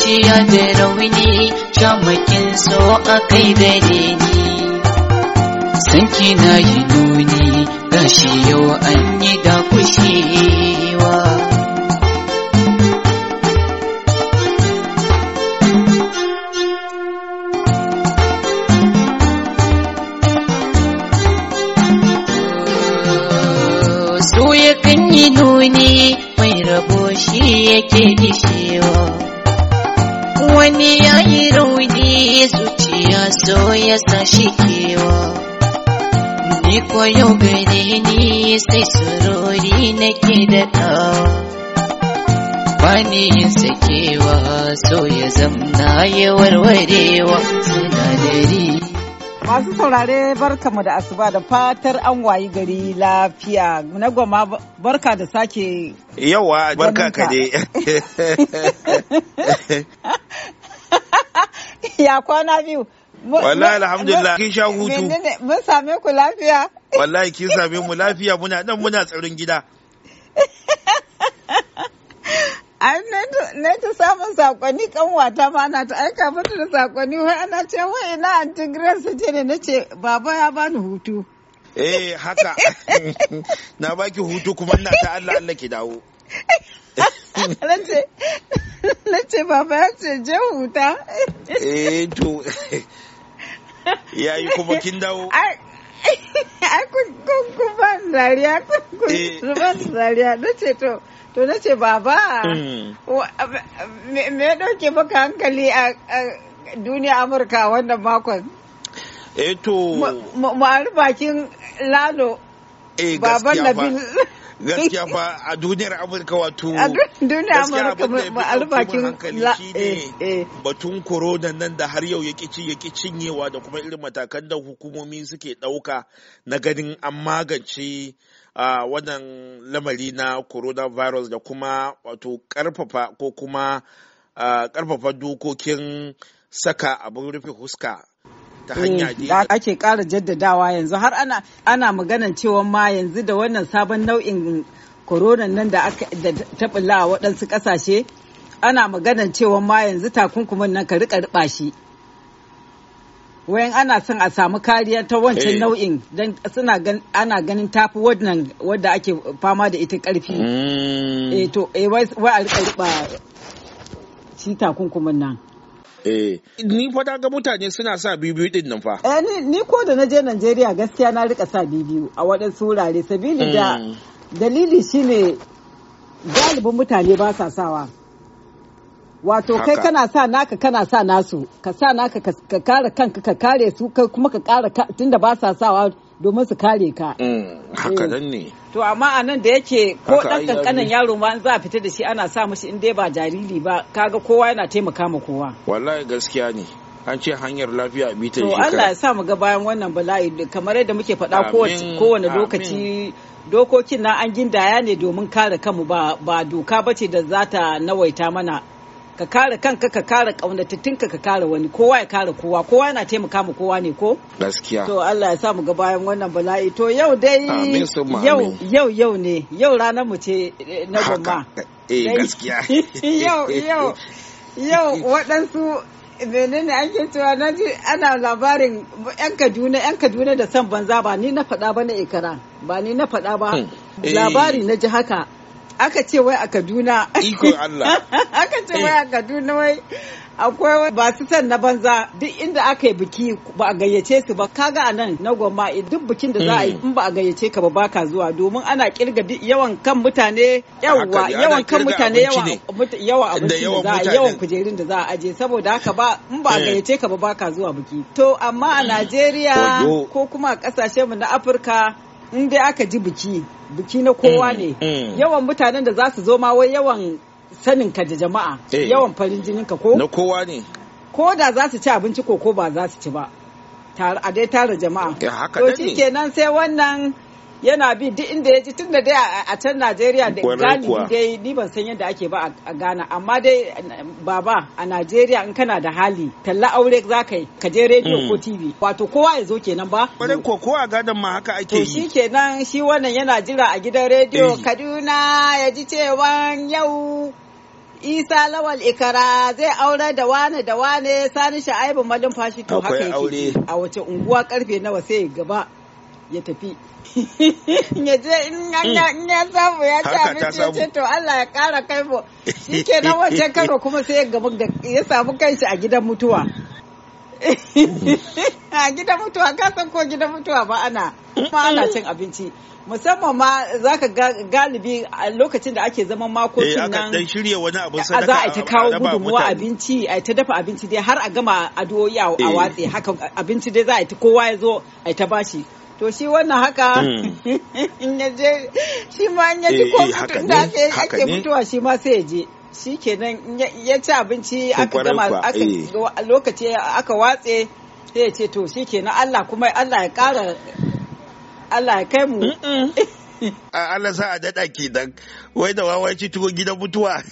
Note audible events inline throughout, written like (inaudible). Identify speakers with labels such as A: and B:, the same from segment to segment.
A: zuciya da rauni shamakin so a kai da ni sanki na yi nuni gashi yau an yi da kushewa so ya yi nuni mai rabo shi yake dishi wani ya yi rauni zuciya so ya sa shi kewa ni ko yau gare ni sai surori nake da ɗawa bani in sakewa so ya zamna ya warwarewa sinadari
B: masu saurare barkamu da asuba da fatar an wayi gari lafiya na goma barka da sake
C: yawa barka ka dai (laughs) (laughs)
B: Ya kwana biyu. Wallahi alhamdulillah kin sha hutu. Mun same ku lafiya.
C: Wallahi kin same mu lafiya muna nan muna tsarin gida. (laughs)
B: Ai na ta samun kan kanwata ma na ta aika mutu da saƙoni wai ana ce wai ina anti Grace ce ne ce baba ya bani hutu.
C: Eh haka (laughs) (laughs) na baki hutu kuma ina ta Allah Allah ki dawo.
B: (laughs) Nace (laughs) baba ya ce je huta.
C: Eh to yayi kuma kin dawo. (laughs)
B: Ai kun ban dariya kun eh. ban dariya na ce to to na ce baba hmm. me ya dauke maka hankali a duniya Amurka wannan makon.
C: Eh to.
B: Ma'ar bakin Lalo.
C: Eh, baban gaskiya
B: gaskiya fa
C: a duniyar amurka wato duniyar amurka albakin shine eh, eh. batun korona nan da har yau yaki ci yaki cinyewa da kuma irin matakan da hukumomi suke ɗauka na ganin an magance a wannan lamari na virus da kuma wato karfafa ko kuma karfafa dokokin saka abin rufe huska ta hanya eh, da
B: ake ƙara jaddadawa yanzu har ana ana maganan cewa ma yanzu da wannan sabon nau'in corona nan da aka da bulla a waɗansu ƙasashe ana maganan cewa ma yanzu takunkumin nan ka riƙa riba shi wayan ana son a samu kariya ta wancan eh. nau'in don suna ana ganin tafi wannan wadda ake fama da ita karfi
C: mm.
D: eh
B: to eh wai a riƙa riba shi takunkumin nan
C: Eh. Ni fa ta ga mutane suna sa bibiyu din nan fa.
B: Eh ni, ko da na je Najeriya gaskiya na rika sa bibiyu a waɗansu wurare sabili da mm. dalili shine galibin mutane ba sa sawa. Wato kai kana sa naka kana sa nasu ka sa naka ka kare kanka ka kare su kai kuma ka kare tunda ba sa sawa domin su kare ka. Mm, haka eh. nan ne. To amma a nan da yake ko ɗan ƙanƙanin yaro ma za a fita da shi ana sa mashi in dai ba jariri ba kaga kowa yana taimaka ma kowa.
C: Wallahi gaskiya ne. an ce hanyar lafiya bi ta yi Allah ya
B: sa mu ga bayan wannan bala'i kamar yadda muke faɗa kowane lokaci dokokin na an gindaya ne domin kare kanmu ba doka bace da za ta nawaita mana ka kare kanka ka kare kaunatattunka ka ka kare wani kowa ya kare kowa kowa yana taimaka mu kowa ne ko
C: gaskiya to
B: Allah ya sa mu ga bayan wannan bala'i to yau dai yau yau yau ne yau ranar mu ce eh, na goma eh gaskiya (laughs) yau yau yau (laughs) waɗansu menene ake cewa na ji ana labarin yan kaduna yan kaduna da san banza ba ni na faɗa ba na ikara ba ni na faɗa ba hmm. eh. labari na ji haka aka ce wai a Kaduna. Iko Allah. (laughs) Aka ce wai a Kaduna wai akwai ba su san na banza duk inda aka yi biki ba a gayyace su ba kaga a nan na gwamma eh, duk bikin da za a yi mm. in ba a gayyace ka ba baka zuwa domin ana kirga yawan kan mutane yawa yawan kan mutane a abinci da za a yawan kujerun da za a aje saboda haka ba in ba a eh. gayyace ka ba baka zuwa biki to amma a mm. Najeriya ko kuma a kasashen mu na Afirka in dai aka ji biki biki na kowa mm, ne mm. yawan mutanen da za su zo ma wai yawan sanin ka da jama'a eh. yawan farin jinin ka ko na kowa ne ko da za su ci abinci ko ko ba za su ci ba a dai tara jama'a eh, to kenan sai wannan yana bi duk inda ya ji tun da dai a can Najeriya da gani dai ni ban san yadda ake ba a Ghana amma dai baba a Najeriya in kana da hali talla aure za ka yi ka je rediyo hmm. ko TV wato kowa ya zo kenan ba kwarai ko ko a gadon ma haka ake yi to shi kenan shi wannan yana jira a gidan rediyo eh. Kaduna ya ji cewa yau isa lawal ikara zai aure da wane da wane sani sha'aibu malin fashi to haka yake a wace unguwa karfe nawa sai gaba ya tafi (laughs) ya je in ya samu ya ci abinci ya ce to Allah ya kara kai mu shi ke nan wancan karo kuma sai ya gamu ya samu kanshi a gidan mutuwa (laughs) a gidan mutuwa ka san ko gidan mutuwa ba ana ma ana cin abinci musamman ma za ka galibi a lokacin da ake zaman makocin eh, nan a
C: shirya wani za a ta kawo gudunmuwa
B: abinci a ta dafa abinci dai har a gama addu'o'i a eh. watse haka abinci dai za a ta kowa ya zo a ta bashi to shi wannan haka hmm. (laughs) in ya je shi ma in ya ji kofin da ake mutuwa shi ma sai ya je shi kenan ya ci abinci aka gama eh. lokaci aka watse sai ya ce to shi kenan Allah kuma Allah ya kara Allah ya kai mu (laughs) Allah sa a daɗa kenan wai da wawanci tuwo gidan mutuwa.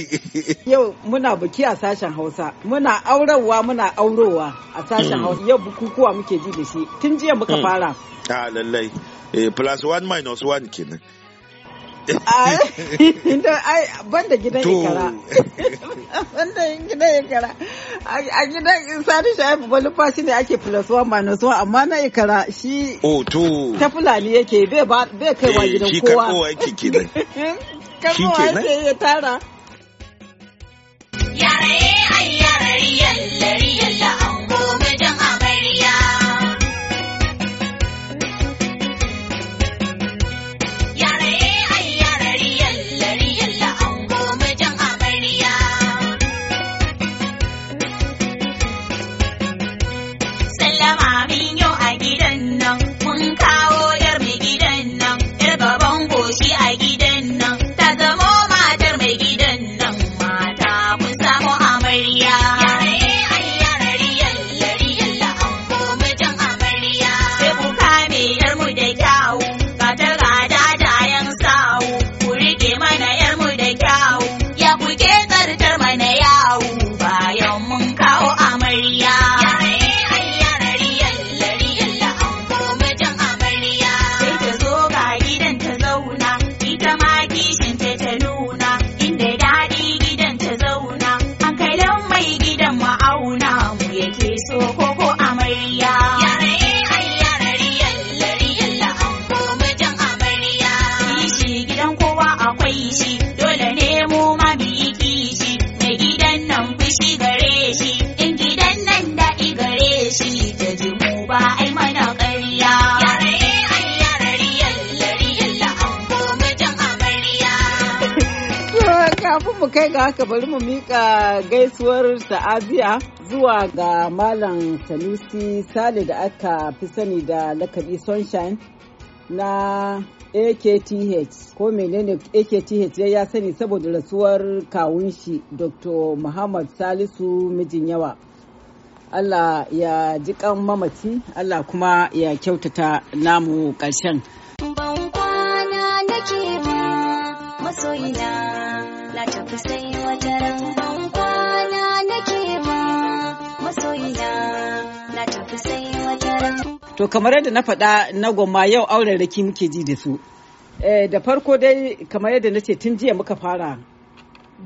B: (laughs) Yau muna buki a sashen Hausa, muna aurewa muna aurowa a sashen mm. Hausa, yau bukukuwa muke ji da shi, tun jiya muka mm. fara.
C: A ah, lallai, eh, plus one minus one kenan.
B: (laughs) ban da gidan ikara (laughs) ban da gidan ikara a gidan sani shaifu balufa shi ne ake plus one minus one amma na ikara shi ta fulani yake bai kaiwa eh, gidan kowa (laughs) shi karbowa yake ya tara kafin mu kai ga haka bari mu mika gaisuwar ta'aziya zuwa ga Malam Sanusi Sale da aka fi sani da lakabi Sunshine na AKTH ko menene AKTH ya sani saboda rasuwar kawun shi Dr. Muhammad Salisu mijin yawa. Allah ya ji kan mamaci, Allah kuma ya kyautata namu ƙarshen.
D: Ban kwana nake ba masoyina. na tafi sai wata kwana nake ma masoyina na tafi sai wata
B: To kamar yadda na faɗa na gwamma yau auren raki muke ji da su. Eh, da farko dai kamar yadda na ce tun jiya muka fara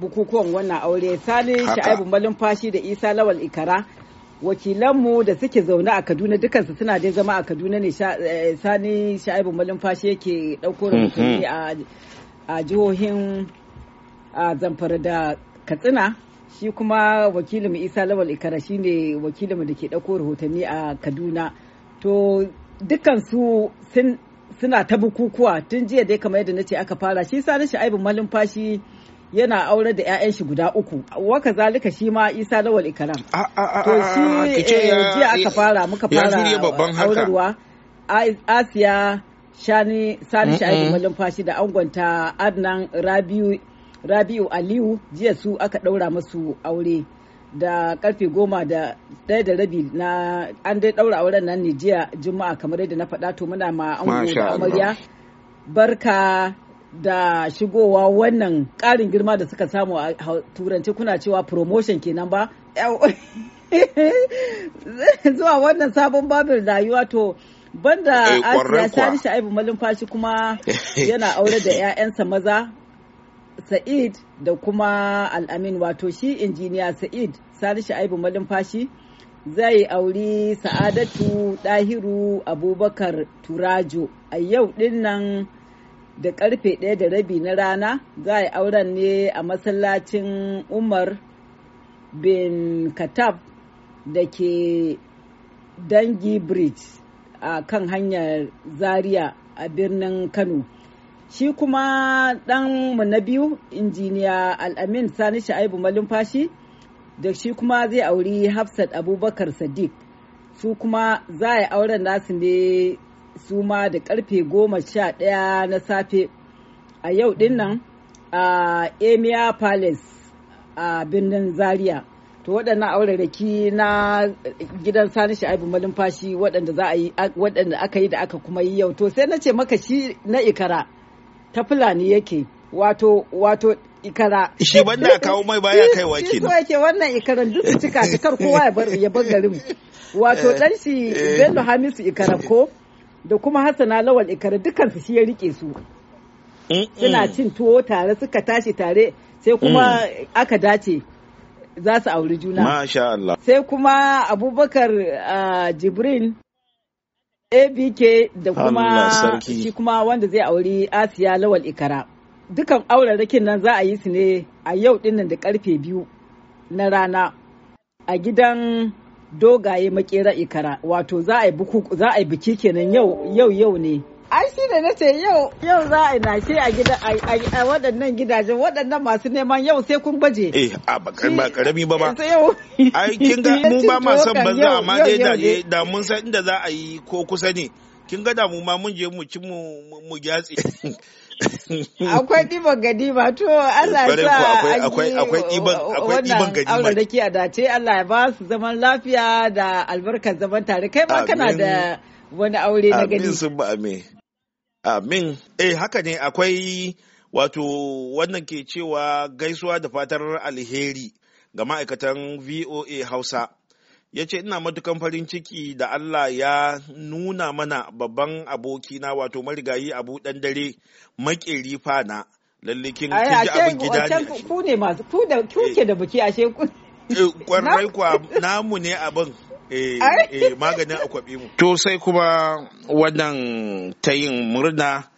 B: bukukuwan wannan aure sani sha'ibu fashi da isa lawal ikara wakilanmu da suke zaune a kaduna dukansu suna dai zama a kaduna ne eh, sani sha'ibu fashi yake ɗauko hmm, hmm. a jihohin a zamfara da katsina shi kuma wakilin isa lawal ikara shi ne wakilin da ke ɗauko rahotanni a kaduna to dukansu sun suna ta bukukuwa tun jiya dai kamar yadda na ce aka fara shi sani sha'ibu malumfashi yana aure da 'ya'yan shi guda uku waka zalika shi ma isa lawal ikaram to shi eh, jiya aka fara muka fara aurarwa asiya shani sani sha'ibu malumfashi da angonta adnan rabiu rabiu aliyu jiya su aka ɗaura masu aure da karfe goma da ɗaya da rabi na an dai ɗaura auren nan ne jiya juma'a kamar yadda na faɗa to muna ma ango da amarya barka da shigowa wannan ƙarin girma da suka samu a turanci kuna cewa promotion kenan ba (laughs) zuwa wannan sabon babin rayuwa to banda eh, asiya sani sha'ibu malumfashi kuma (laughs) yana aure da 'ya'yansa maza sa'id da kuma al'amin wato shi injiniya sa'id sani sha'ibu malumfashi zai auri sa'adatu Dahiru abubakar turajo a yau dinnan da karfe ɗaya da rabi na rana za a yi auren ne a masallacin umar bin katab da ke dangi bridge a kan hanyar zaria a birnin kano shi kuma mu na biyu injiniya al'amin sani sha'ibu malumfashi da shi kuma zai auri hafsat abubakar sadiq su kuma za a yi auren nasu ne su ma da karfe goma sha ɗaya na safe a yau din nan a Emia palace a birnin zaria to waɗannan raki na gidan sani sha'ibu malumfashi waɗanda aka yi da aka kuma yi yau to sai na ce maka shi na ikara ta fulani yake wato wato ikara shi banda kawo mai baya (laughs) wa kenan shi so yake wannan ikaran duk su cika ta kar kowa ya bar ya bar garin (laughs) wato dan eh, shi eh. Bello Hamisu ikara ko da kuma Hassana Lawal ikara dukkan su shi ya rike su suna cin tuwo tare suka tashi tare sai kuma mm. aka dace za su auri juna.
C: Masha Allah. Sai
B: kuma Abubakar ah, Jibrin abk da kuma shi kuma wanda zai auri asiya lawal ikara dukan aurarrakin nan za a yi su ne a yau dinnan da karfe biyu na rana a gidan dogaye makera ikara wato za a yi biki kenan yau yau ne ai shi da nace yau yau za a nashe a gida a waɗannan gidajen waɗannan masu neman yau sai kun baje eh ba karami ba ma ai kin ga mu ba ma san banza amma dai da
C: da mun san inda za a yi ko kusa ne kin ga da mu ma mun je mu ci mu gyatsi (laughs)
B: akwai ɗiban ba to Allah ya sa akwai akwai ɗiban akwai ɗiban ganima aure da ke a dace Allah ya ba su zaman lafiya da albarkar zaman tare kai ma kana da wani aure na gani amin sun
C: ba Amin. Eh haka ne akwai wato wannan ke cewa gaisuwa da fatar alheri ga ma'aikatan VOA Hausa. Ya ce ina matukan farin ciki da Allah ya nuna mana babban abokina wato marigayi abu ɗan dare makeri fana. Lalle kin ji abin gida ne.
B: Ku ne masu ku da kuke da buki ashe ku. Eh, eh,
C: kwarai (laughs) kwa namu ne abin. Eh, eh maganin akwabi mu to sai kuma wannan ta yin murna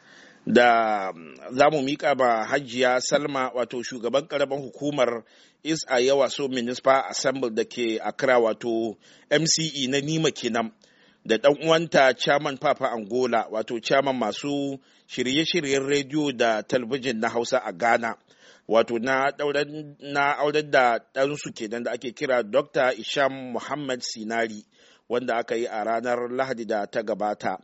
C: da za mu mika ba hajiya salma wato shugaban karamin hukumar is a yawa so municipal assembly da ke accra wato mce na nima kenan da ɗan uwanta chairman papa angola wato chairman masu shirye-shiryen rediyo da talabijin na hausa a ghana wato na aurar da ɗansu kenan da ake kira dr isham muhammad sinari wanda aka yi a ranar lahadi da ta gabata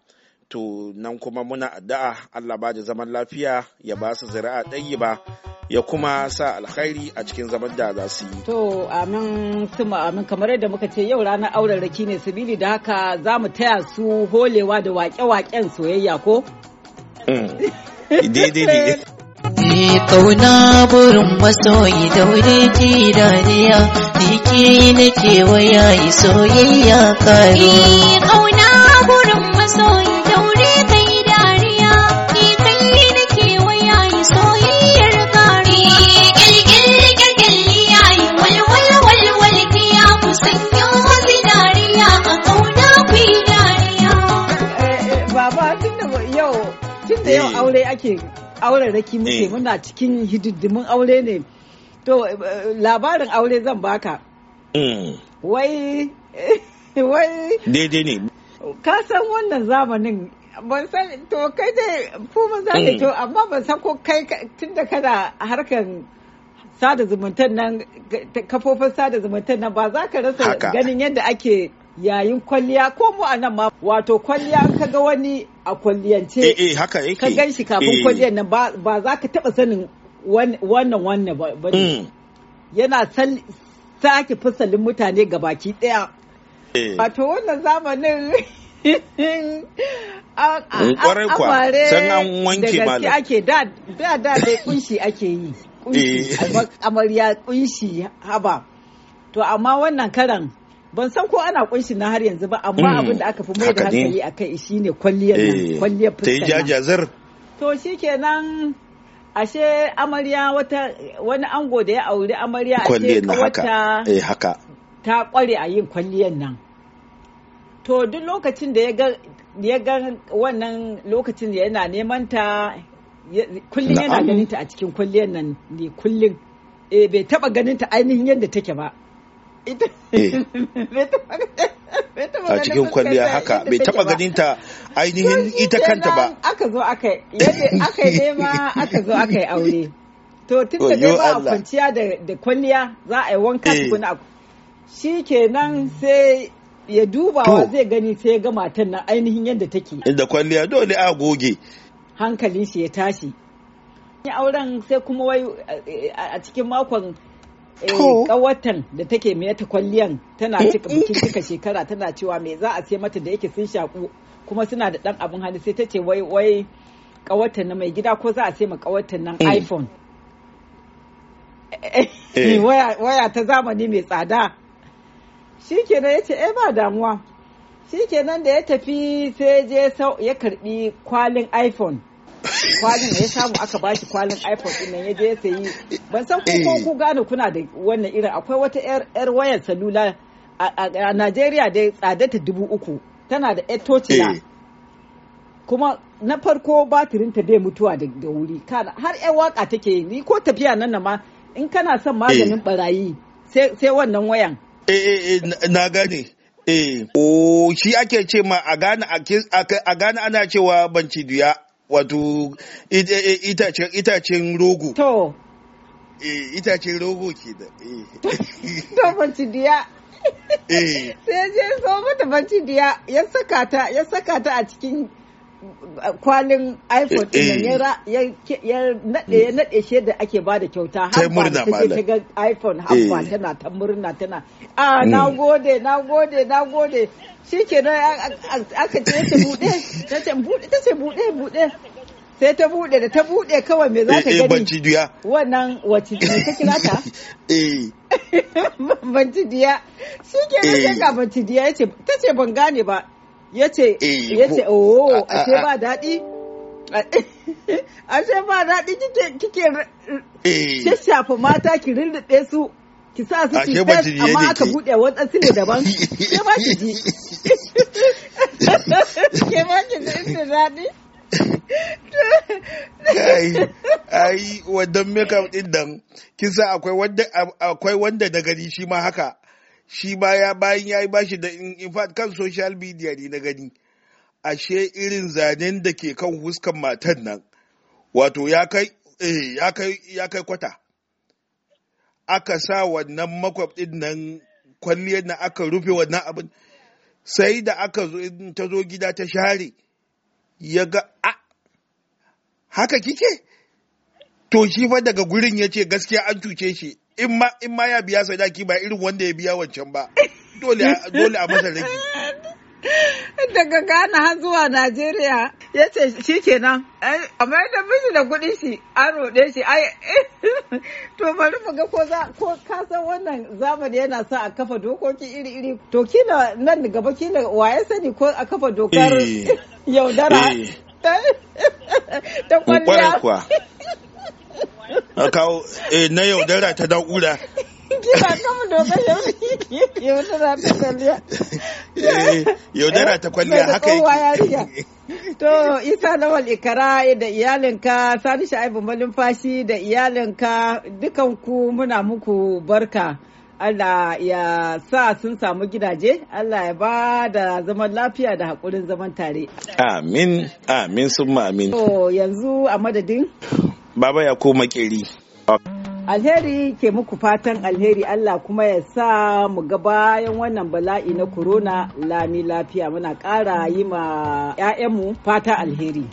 C: to nan kuma muna addu'a allah ba da zaman lafiya ya ba su zira'a ɗayi ba ya kuma sa alkhairi a cikin zaman da za su yi.
B: To amin tuma amin kamar yadda muka ce yau ranar auren raki ne sabili da haka za mu taya su holewa da wake-waken soyayya ko? Mm. Daidai ne. (laughs)
A: Ni kauna burin masoyi daure ji dariya, ni ke na yi soyayya karo. Ni burin
D: masoyi daure kai dariya, ni na kewaya yi soyayyar karo. Ni yi dariya
B: a kauna ku dariya. Baba tun yau eh. aure ake auren raki muke eh. muna cikin hididdimin aure ne to eh, labarin aure zan baka mm. wai (laughs) wai daidai ne ka san wannan zamanin ban san to kai dai ko za zaka mm. to amma ban san ko kai tun da kana harkan sada zumuntar nan kafofin sada zumuntar nan ba za ka rasa ganin yadda ake yayin kwalliya ko mu a nan ma wato kwalliya ka ga wani a kwalliyance eh, eh, haka yake ka gan shi kafin eh. kwalliyan nan ba za ka taba sanin wannan wannan ba ne mm. yana sake fasalin mutane ga baki daya wato wannan zamanin (laughs) kwarai kwa san an wanke malam da ake da da dai kunshi ake yi (laughs) kunshi amarya kunshi haba to amma wannan karan ban san ko ana kunshi na har yanzu ba amma mm. abin da aka fi mai da hankali a kai shine kwalliyar nan eh, kwalliyar fuskar ta jajazar to nan ashe amarya wata wani ango da ya auri amarya ashe wata eh, haka ta kware a yin kwalliyar nan to duk lokacin da ya ga wannan lokacin da yana neman ta kullum yana ganin ta a cikin kwalliyar nan ne kullum eh bai taba ganin ta ainihin yadda take ba Eh. (laughs) a cikin kwalliya haka bai taba ganin
C: ta ainihin ita kanta ba
B: aka zo aka yi nema aka zo aka yi aure to tun da ba a kwanciya da kwalliya za a yi wanka eh. tukuna shi kenan sai ya dubawa zai gani sai ya ga matan nan ainihin yadda take
C: inda kwalliya dole a goge
B: hankalin shi ya tashi auren sai kuma wai a cikin makon kawatan eh, da take mai ta kwalliyan tana eh, cika eh. bikin cika shekara tana cewa me za a sai mata da yake sun shaku kuma suna da dan abin hannu sai ta ce wai wai kawatan na mai gida ko za a sai ma kawatan nan iphone waya ta zamani mai tsada shikenan ya ce eh ba damuwa shikenan da ya tafi sai je ya karbi kwalin iphone kwalin ya samu aka bashi kwalin iphone din nan ya je ya sayi ban san ko eh. ku gane kuna da wannan irin akwai wata yar wayar salula a najeriya dai ta dubu uku tana da toci na. Eh. kuma na farko batirinta bai mutuwa da wuri har yan waka take ni ko tafiya nan ma in kana son eh. maganin barayi sai wannan wayan
C: eh na gane eh o oh, shi ake ce ma a gane ana cewa banci duya wato itacen rogo. To. Eh, itacen rogo ke da. Eh.
B: To, banci diya. Eh. Sai je so mata banci diya ya saka ta a cikin kwalin iphone din eh, eh. ya naɗe shi da ake ba da kyauta har ba ta ta ga iphone eh. har tana ta murna tana a ah, hmm. na gode na gode na gode shi ke aka ce ta buɗe ta ce buɗe buɗe sai ta buɗe da ta buɗe kawai me za ka gani wannan wacce ta kira ta (laughs) (laughs) banci diya shi ke nan ta banci diya ta ce ban gane ba ya ce eh, oh ashe ba daɗi (laughs) ashe ba daɗi kike shashafa eh. mata ki rindaɗe su ki sa su ki tas amma aka buɗe su ne daban (laughs) ke ba ki ji (laughs) ke ba ki ji daɗi ai ai
C: wadan makeup din nan kisa akwai wanda akwai wanda da gani shi ma haka shi baya bayan ya yi bashi da in fact kan social media ne na gani ashe irin zanen da ke kan huskan matan nan wato ya kai eh ya kai kwata aka sa wannan makwab din nan kwalliyar na aka rufe wannan abin sai da aka zo ta zo gida ta share ya ga a ah, haka kike to shi fa daga gurin ya ce gaskiya an cuce shi in ma in ma ya biya sadaki ba irin wanda ya biya wancan ba
B: dole dole a masa rage daga Ghana har zuwa Najeriya ya ce shi kenan amma da miji da kuɗin shi an roɗe shi ai (laughs) to bari mu ga ko ka san wannan zamani yana sa a kafa dokoki iri iri to kina nan gaba kina wa sani ko a kafa dokar eh. (laughs) yaudara
D: ta eh. (laughs) kwalliya
C: a kawo eh, na yau da yaudara ta na'ura yaudara ta kwalliya eh, haka
B: yake to isa na wal ikara da iyalinka sani sha'ibu malumfashi da iyalinka dukanku muna muku barka Allah ya sa sun samu gidaje, Allah ya ba da zaman lafiya da haƙurin zaman tare.
C: Amin, amin sun amin.
B: To yanzu a madadin?
C: Baba ya koma keri.
B: Alheri ke muku fatan alheri Allah kuma ya sa mu ga bayan wannan bala'i na corona lami lafiya muna ƙara yi ma 'ya'yanmu fata alheri.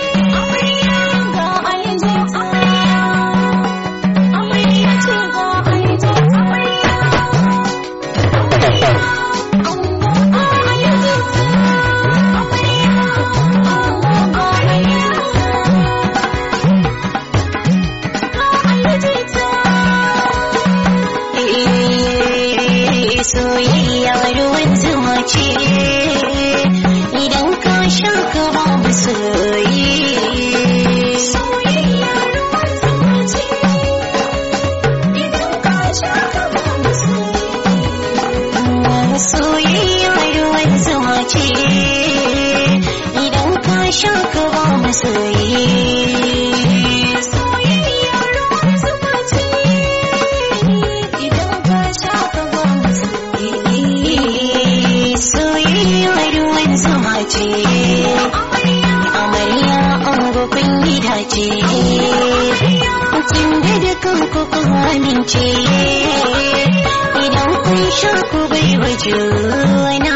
D: amarya ango kun yi dace tun da da kanku kun idan kun sha ku bai wa juna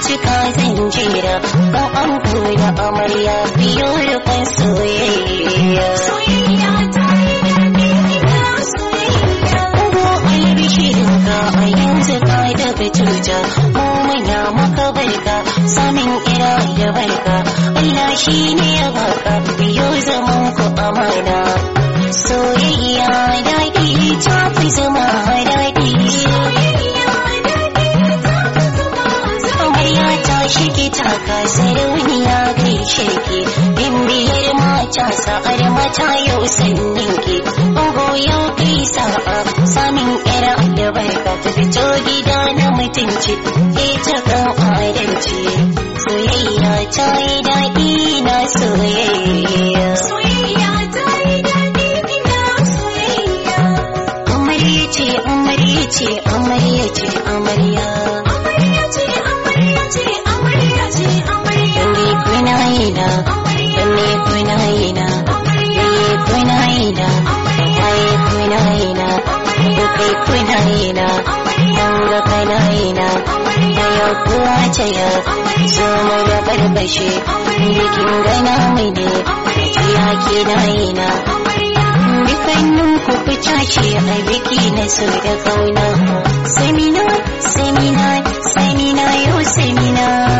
D: cika zanjira ga an da amarya biyo rufin soyayya soyayya ta yi soyayya ko albishirin ka a yanzu ka da bitirja ko manya maka barka samin ira ya barka Allah shi ne ya baka biyo zaman ku amana ta yau sannan ke ogo yau kai sa'a samin yar albarka ta fito gida na mutunci ke ta kawaran ce soyayya ta yi daɗi na soyayya soyayya ta ina soyayya amarya ce amarya ce amarya ce amarya
A: kuwa ce ya so mu da barbashe bikin gana mai ne ya ke dayina dukannin ku fita ce a biki na so da kauna semina semina semina yau semina